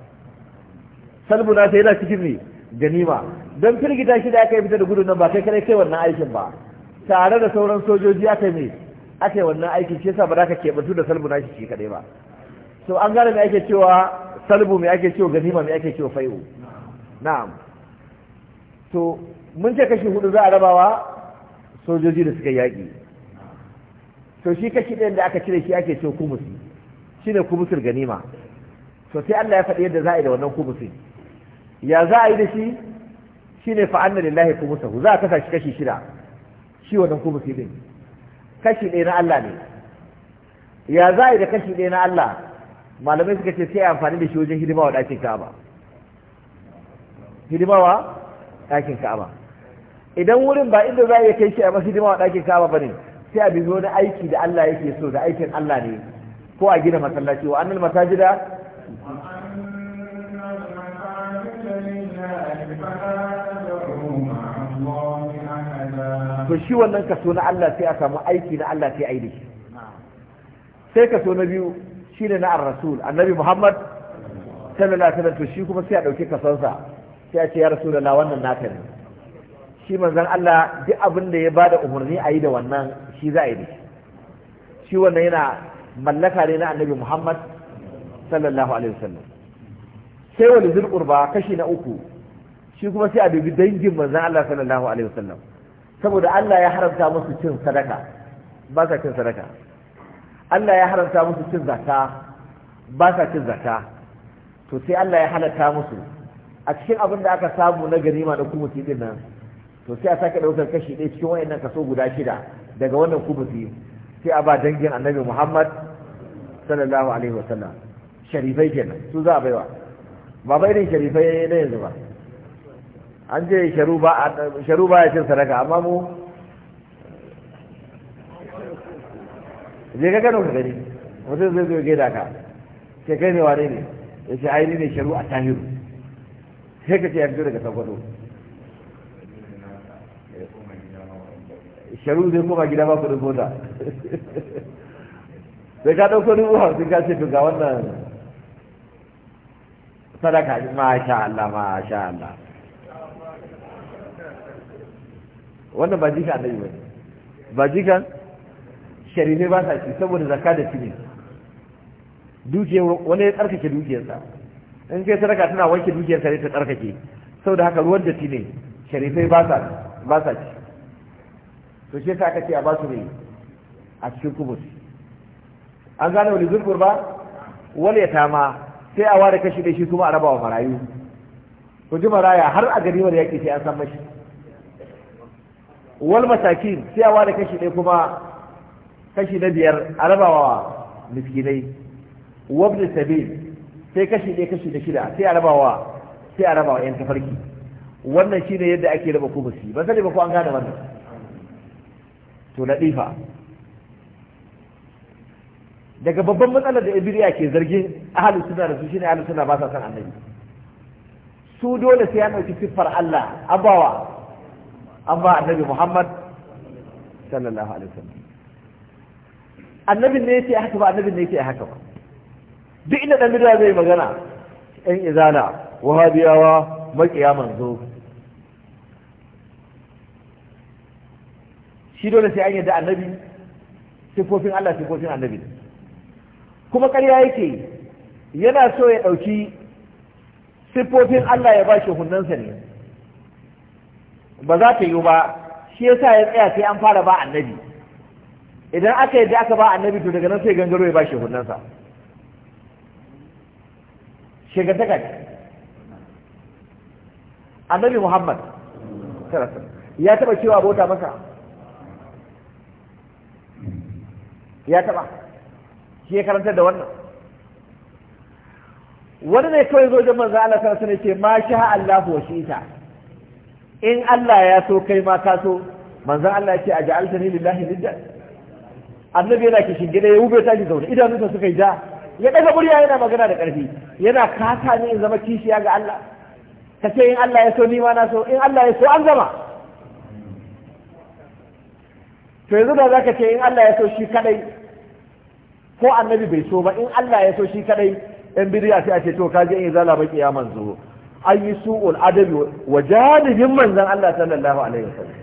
Salmu na yana cikin ne ganima don firgita shi da aka yi fita da gudun nan ba kai kare kai wannan aikin ba tare da sauran sojoji aka yi aka yi wannan aikin shi yasa ba za ka keɓantu da salmu na shi shi kaɗai ba so an gane mai ake cewa salbu mai ake cewa ganima mai ake cewa fai'u na'am to mun ce kashi hudu za a rabawa sojoji da suka yaƙi to shi kashi ɗayan da aka cire shi ake cewa kumusi shine kumusul ganima to sai Allah ya faɗi yadda za a yi da wannan kumusin ya za a yi da shi Shi ne fa anna lillahi khumsahu za a kasa shi kashi shida shi wannan khumsi din kashi ɗaya na Allah ne ya za a yi da kashi ɗaya na Allah malamai suka ce sai amfani da shi wajen hidima wa ɗakin Ka'aba hidima wa ɗakin Ka'aba idan wurin ba inda za a iya kai shi a masu hidima wa ɗakin Ka'aba ba ne, sai a bi wani aiki da Allah yake so da aikin Allah ne ko a gina masallaci wa annal masajida to shi wannan kaso na Allah sai a samu aiki na Allah sai a yi da shi sai kaso na biyu shi ne na ar-rasul annabi muhammad sallallahu alaihi to shi kuma sai a ɗauki kasonsa sai a ce ya rasu da wannan naka ne shi manzon Allah duk abin da ya ba da umarni a yi da wannan shi za a yi da shi shi wannan yana mallaka ne na annabi muhammad sallallahu alaihi wasallam sai wani ba kashi na uku shi kuma sai a dubi dangin manzon Allah sallallahu alaihi wasallam saboda Allah ya haramta musu cin sadaka ba sa cin sadaka Allah ya haramta musu cin zakka ba sa cin zakka to sai Allah ya halatta musu a cikin abin da aka samu na ganima da kuma cikin nan to sai a sake daukar kashi ɗaya cikin wayannan kaso guda shida daga wannan kubuti sai a ba dangin annabi Muhammad sallallahu alaihi wasallam sharifai kenan su za a baiwa ba bai irin sharifai na yanzu ba an ce sharu ba ya cin sadaka amma mu je ka gano ka gani mutum zai zo gaida ka ce kai ne wane ne ya ce aini ne sharu a tahiru sai ka ce ya fito daga sabbato sharu zai koma gida ba kudin mota sai ka ɗauko dubu hamsin ka ce to ga wannan sadaka masha Allah masha Allah wannan ba jika annabi ba ba jikan sharife ba ta ci saboda zakka da ci duke wani ya tsarkake dukiyarsa in kai sadaka tana wanke dukiyarsa ne ta tsarkake saboda haka ruwan da ci ne sharifai ba ta ba ta ci to shi yasa aka ce a ba su ne a cikin kubus an gane wani zurgur ba ya tama sai a ware kashi da shi kuma a raba wa marayu ku ji maraya har a ganimar yaƙi sai an san mashi wal masakin sai a ware kashi ɗaya kuma kashi na biyar a raba wa miskinai wabda sabil sai kashi ɗaya kashi na shida sai a raba wa sai a raba wa yan tafarki wannan shine yadda ake raba kubusi ba sani ba ko an gane wannan to latifa daga babban matsalar da ibriya ke zargin ahalu suna da su shine ahalu suna ba sa san annabi su dole sai an ɗauki siffar Allah abawa an ba annabi Muhammad sallallahu alaihi wasallam annabin ne yake haka ba annabin ne yake haka ba duk inda dan bid'a zai magana ɗan izana wahabiyawa makiya manzo shi dole sai an yadda annabi sifofin Allah sifofin annabi kuma ƙarya yake yana so ya ɗauki siffofin Allah ya ba shi hunnansa ne ba za ta yi ba shi yasa ya tsaya sai an fara ba annabi idan aka yadda aka ba annabi to daga nan sai gangaro ya ba shi hunnansa shegantaka ne annabi muhammad ya taba cewa bauta masa ya taba shi ya karantar da wannan wani ne kawai zo da manzo Allah sai ne ce ma sha Allah wa ta in Allah ya so kai ma ka so manzo Allah ya ce aj'altani lillahi nidda annabi yana kishin gida ya ube ta zaune idanunsa suka yi ja ya daga murya yana magana da karfi yana kata ne in zama kishiya ga Allah ka ce in Allah ya so ni ma na so in Allah ya so an zama to yanzu da zaka ce in Allah ya so shi kadai ko annabi bai so ba in Allah ya so shi kadai yan bidiya sai a ce to kaji in zala baki ya manzo an yi su'ul adabi wa jadibin manzan Allah sallallahu alaihi wasallam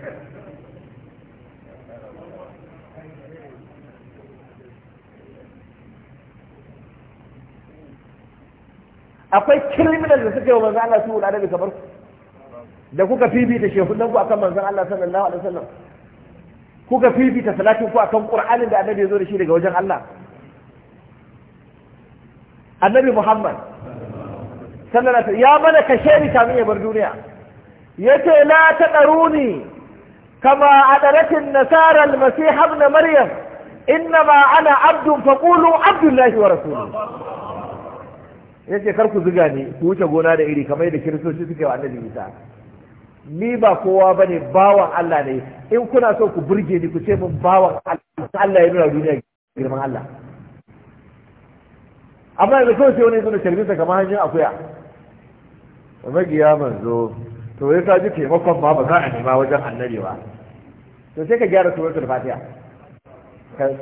akwai criminal da suka yi wa manzan Allah su'ul adabi kamar da kuka fifita shehunan ku akan manzan Allah sallallahu alaihi wasallam kuka ta salatin ku akan Qur'anin da annabi ya zo da shi daga wajen Allah annabi muhammad sallallahu ya mana kashe ni kamin ya bar duniya yace la tadaruni kama adaratin nasara almasih ibn maryam innama ana abdun faqulu abdullahi wa rasuluhu yace kar ku zuga ni ku wuce gona da iri kamar da kiristoci suke wa annabi isa ni ba kowa bane bawan Allah ne in kuna so ku burge ni ku ce mun bawan Allah Allah ya nuna duniya girman Allah amma yanzu kawai sai wani yanzu da sharbinsa kamar hanyar akuya magiya manzo to ya sa ji taimakon ma ba za a nema wajen annabi ba to sai ka gyara suratul fatiha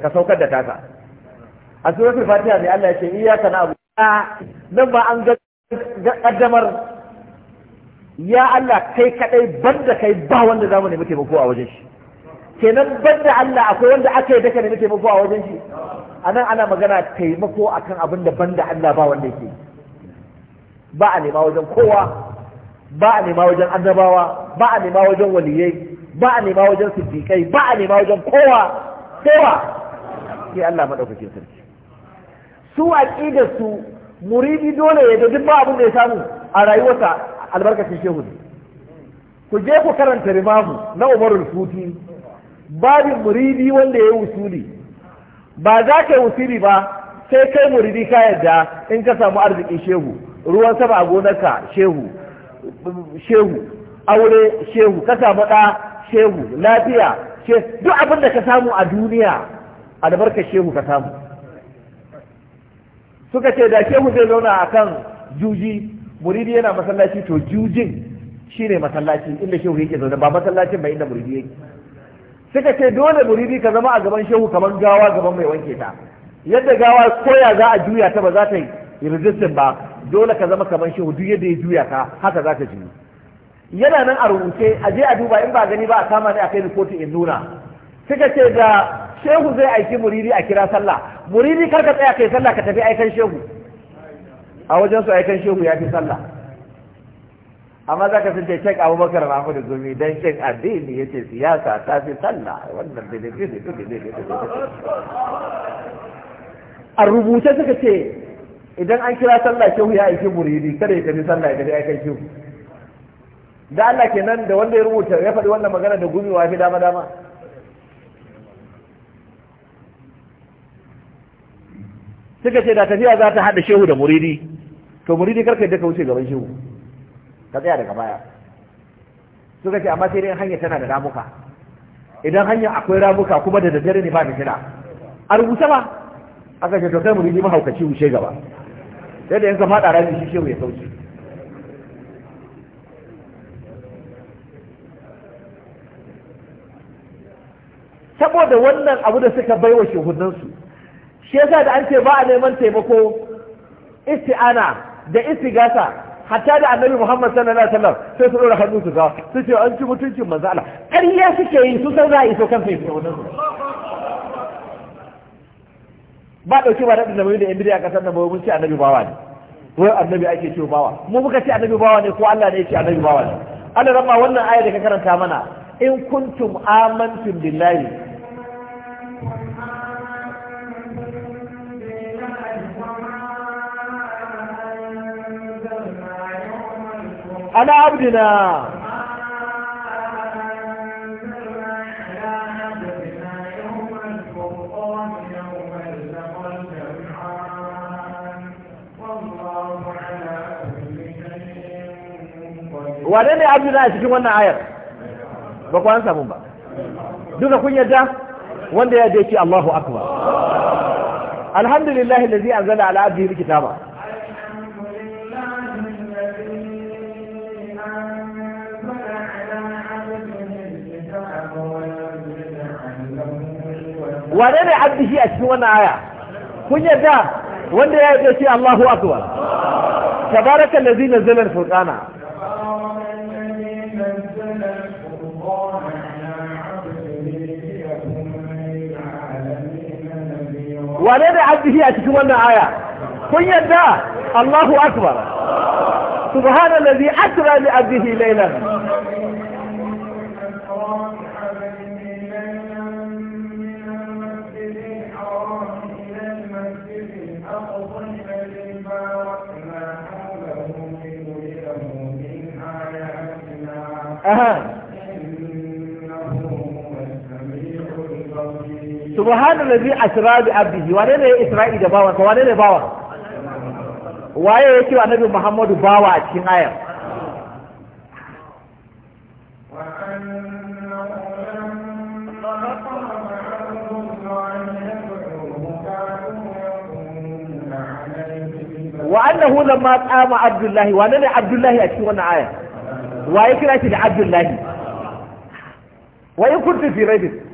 ka saukar da tasa. a suratul fatiha ne Allah ya ce iyyaka na'budu nan ba an ga ya Allah kai kadai banda kai ba wanda zamu nemi taimako a wajen shi kenan ban da Allah akwai wanda aka yi daka nemi taimako a wajen shi A nan ana magana taimako kan abin da ban da Allah ba wanda yake ba a nema wajen kowa ba a nema wajen annabawa ba a nema wajen waliyai ba a nema wajen siddiƙai ba a nema wajen kowa kowa sai Allah madaukakin sarki su da su muridi dole ya duk ba abin da ya samu a rayuwarsa albarkacin shehu ku je ku karanta rimamu na Umarul Futi babin muridi wanda ya yi usuli ba za ka yi wusuli ba sai kai muridi ka yadda in ka samu arzikin shehu ruwan sama a gonarka shehu shehu aure shehu ka samu ɗa shehu lafiya duk abin da ka samu a duniya albarka shehu ka samu suka ce da shehu zai zauna a kan juji muridi yana masallaci to jujin shine masallaci inda shehu yake zaune ba masallacin ba inda muridi yake suka ce dole muridi ka zama a gaban shehu kamar gawa gaban mai wanke ta yadda gawa koya za a juya ta ba za ta yi resistance ba dole ka zama kamar shehu duk yadda ya juya ka haka za ta ji yana nan a rubuce a je a duba in ba gani ba a kama ne a kai ni kotu in nuna suka ce da shehu zai aiki muridi a kira sallah muridi kar ka tsaya kai sallah ka tafi aikan shehu a wajen su aikan shehu ya fi sallah amma za ka sunce shek abubakar mahmud gumi don cin addini ya ce siyasa ta fi sallah wannan a rubuce suka ce idan an kira sallah kyau ya aiki muridi kada ya tafi sallah ya tafi kyau shehu da Allah kenan da wanda ya rubuta ya faɗi wannan magana da gumi wa fi dama dama suka ce da tafiya za ta haɗa shehu da muridi to muridi karka yadda ka wuce gaban shehu ka tsaya daga baya suka ce amma sai dai hanya tana da ramuka idan hanya akwai ramuka kuma da daddare ne ba da jira a rubuta ba aka ce to kai mu rigi mahaukaci wuce gaba sai da yanka ɗara rami shi shehu ya sauce saboda wannan abu da suka baiwa shehunansu shi yasa da an ce ba a neman taimako isti'ana da isti-gasa? hatta da annabi Muhammad sallallahu alaihi wasallam sai su dora hannu su ga su ce an ci mutuncin manzo Allah ƙarya suke yi su san za a iso kan sai su wannan ba ɗauki ba da nabi da yan bidiya kasar nan mun ce annabi bawa ne wai annabi ake ce bawa mu muka ce annabi bawa ne ko Allah ne ya ce annabi bawa ne Allah ramma wannan aya da ka karanta mana in kuntum amantum billahi على عبدنا wane ne abduna a cikin wannan ayar ba kwanan samun ba duka kun yadda wanda ya dace Allahu akbar alhamdulillah allazi anzala ala abdihi kitaba wane ne abdi shi a cikin wannan aya kun yadda wanda ya yadda shi Allahu akbar tabaraka allazi nazzala al-furqana wane ne abdi shi a cikin wannan aya kun yadda Allahu akbar subhanallazi asra bi abdihi laylan subhanu ladhi asra bi abdihi wane ne isra'i da bawa ka wane ne bawa waye yake wa annabi muhammadu bawa a cikin ayar wa annahu abdullahi a cikin wannan ayar waye kira shi da abdullahi wa in kuntu fi raibin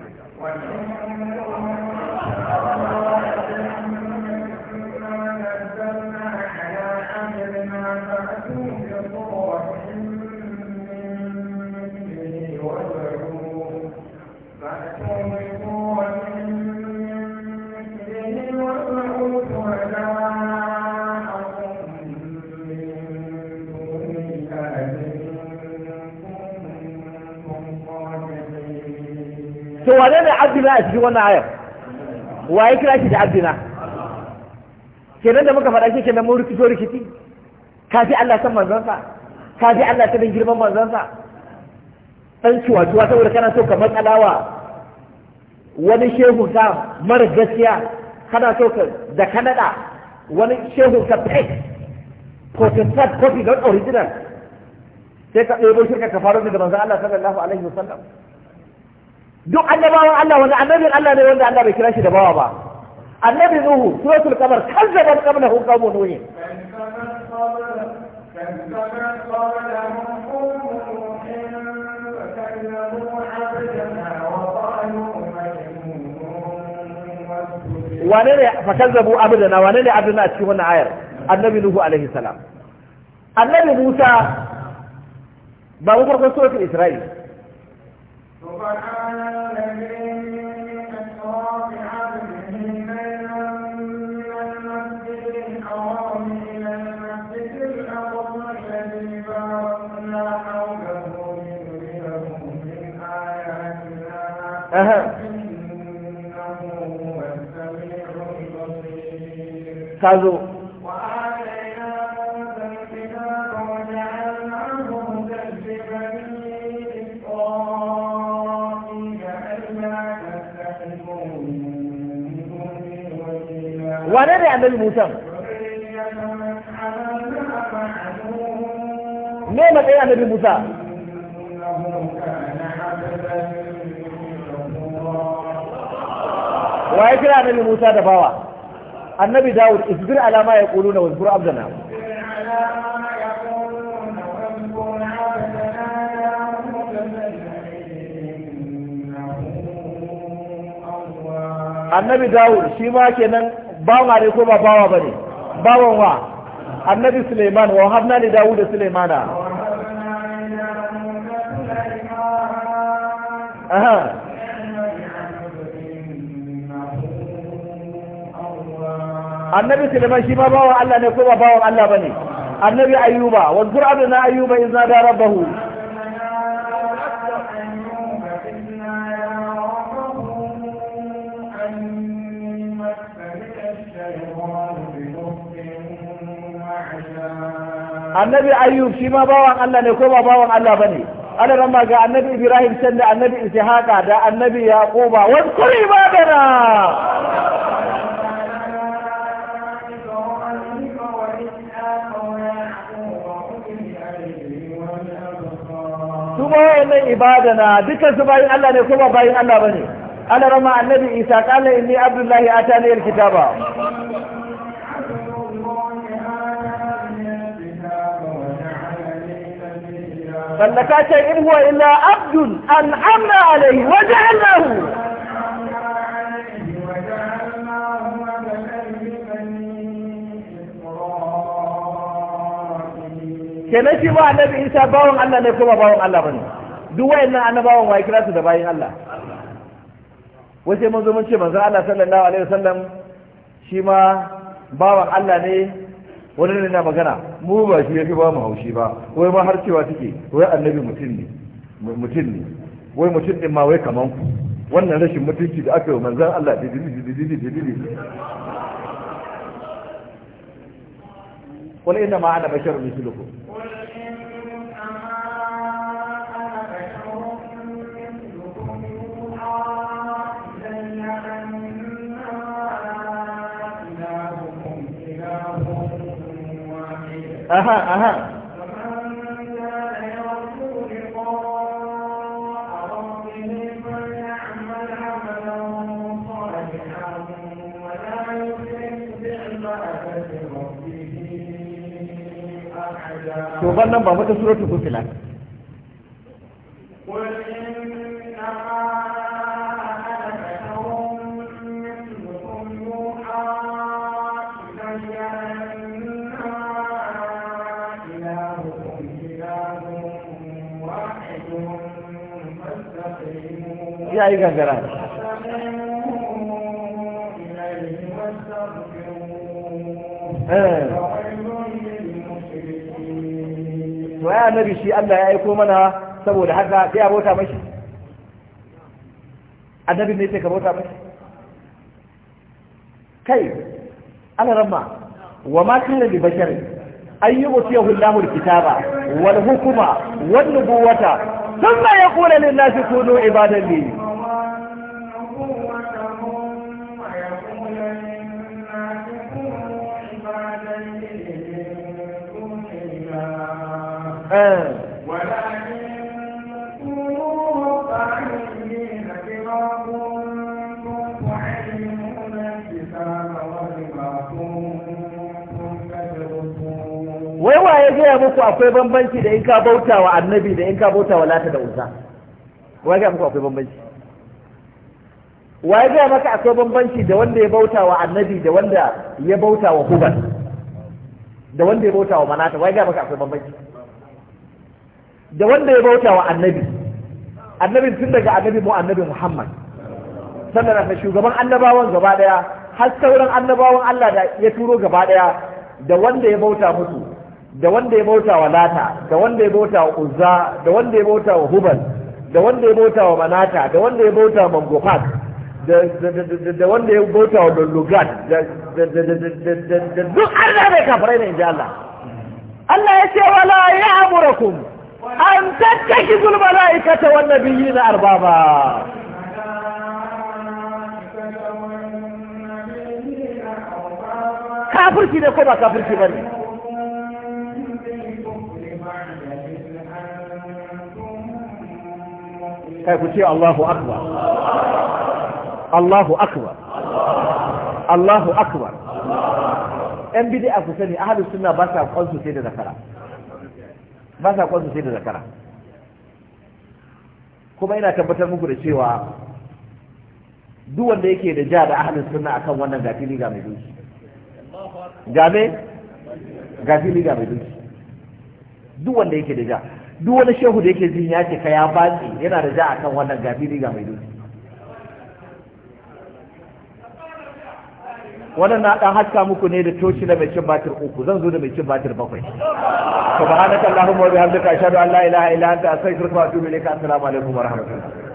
wane ne abdina a cikin wannan ayar waye kira shi da abdina kenan da muka faɗa shi kenan mun rikito rikici kafi Allah san manzansa kafi Allah san girman manzansa dan ciwatuwa saboda kana so ka matsalawa wani shehu ka mara gaskiya kana so ka da kanada wani shehu ka fake ko fi don original sai ka ɗebo shirka ka ne da manzan Allah sallallahu alaihi wasallam duk annabawan Allah wanda annabin Allah ne wanda Allah bai kira shi da bawa ba annabi nuhu suratul qamar kazzaban qablahu qawmun nuh wane ne fakazzabu abdana wane ne abdana a cikin wannan ayar annabi nuhu alaihi salam annabi musa ba mu farkon suratul isra'il ka zo wane ne annabi musa me matsayin annabi musa wa ya kira annabi musa da bawa annabi dawud isbir alama ya kuluna na zbur abdana annabi dawud shi ma kenan bawa ne ko ba bawa bane bawan wa annabi suleiman wa habna dawo da suleimana aha annabi suleiman shi ba bawan Allah ne ko ba bawan Allah bane annabi ayyuba wa qur'anu na ayyuba idza da rabbahu annabi ayyub shi ma bawan Allah ne ko ba bawan Allah bane ana rama ga annabi ibrahim can da annabi ishaqa da annabi yaquba wadkur ibadana su ma wayannan ibadana dukkan su bayin Allah ne ko ba bayin Allah bane ana rama annabi isa qala inni abdullahi atani alkitaba ce in فلك شيء هو إلا عبد أنعمنا عليه وجعلناه kenan shi ba annabi isa bawan Allah ne kuma bawan Allah bane duk wayannan annabawan wai kira su da bayin Allah wace mun zo mun ce manzon Allah sallallahu alaihi wasallam shi ma bawan Allah ne wani ne na magana mu ba shi ya fi ba mu haushi ba wai ma har cewa take wai annabi mutum ne mutum ne wai mutum din ma wai kaman ku wannan rashin mutunci da aka yi manzan Allah da dili dili dili wani ina ma ana bashar mislukum aha aha to ban nan ba mata suratul fusilat ya yi gangara eh. to ya nabi shi Allah ya aiko mana saboda haka sai ya bauta mashi annabi ne sai ka bauta mashi kai ana ramma wa ma kana li bashar an yi mutiyahu Allahu kitaba wal hukuma wan nubuwata thumma yaqulu lin nasi kunu ibadan li Eh. wai wa gaya muku akwai bambanci da in ka bauta wa annabi da in ka bauta wa lata da uza wai gaya muku akwai bambanci wa ya gaya maka akwai bambanci da wanda ya bauta wa annabi da wanda ya bauta wa hubal da wanda ya bauta wa manata wai gaya maka akwai bambanci da wanda ya bauta wa annabi annabin tun daga annabi mu annabi muhammad sannan alaihi shugaban annabawan gaba daya har sauran annabawan Allah da ya turo gaba daya da wanda ya bauta musu da wanda ya bauta wa lata da wanda ya bauta wa uzza da wanda ya bauta wa hubal da wanda ya bauta wa manata da wanda ya bauta wa mangofat da wanda ya bauta wa lullugat da duk Allah ne kafirai ne inji Allah Allah ya ce wala ya amurakum أن تتكذوا الملائكة والنبيين أربابا كافر كده كما كافر كده كيف تقول الله أكبر الله أكبر الله أكبر أم بدي أفسني أهل السنة بس أفسني سيدة ذكرة ba sa kwansu sai da zakara kuma ina tabbatar muku da cewa duk wanda yake da ja da ahalin sunna akan wannan gafili ga mai doki game gafili ga mai doki duk wanda yake da ja duk wani shehu da yake jin ya ce ka ya batsi yana da ja akan wannan gafili ga mai doki wannan na dan haska muku ne da toshi da mai cin batir uku zan zo da mai cin batir bakwai subhanakallahumma wa bihamdika ashhadu an la ilaha illa anta astaghfiruka wa atubu ilayka assalamu alaikum wa rahmatullahi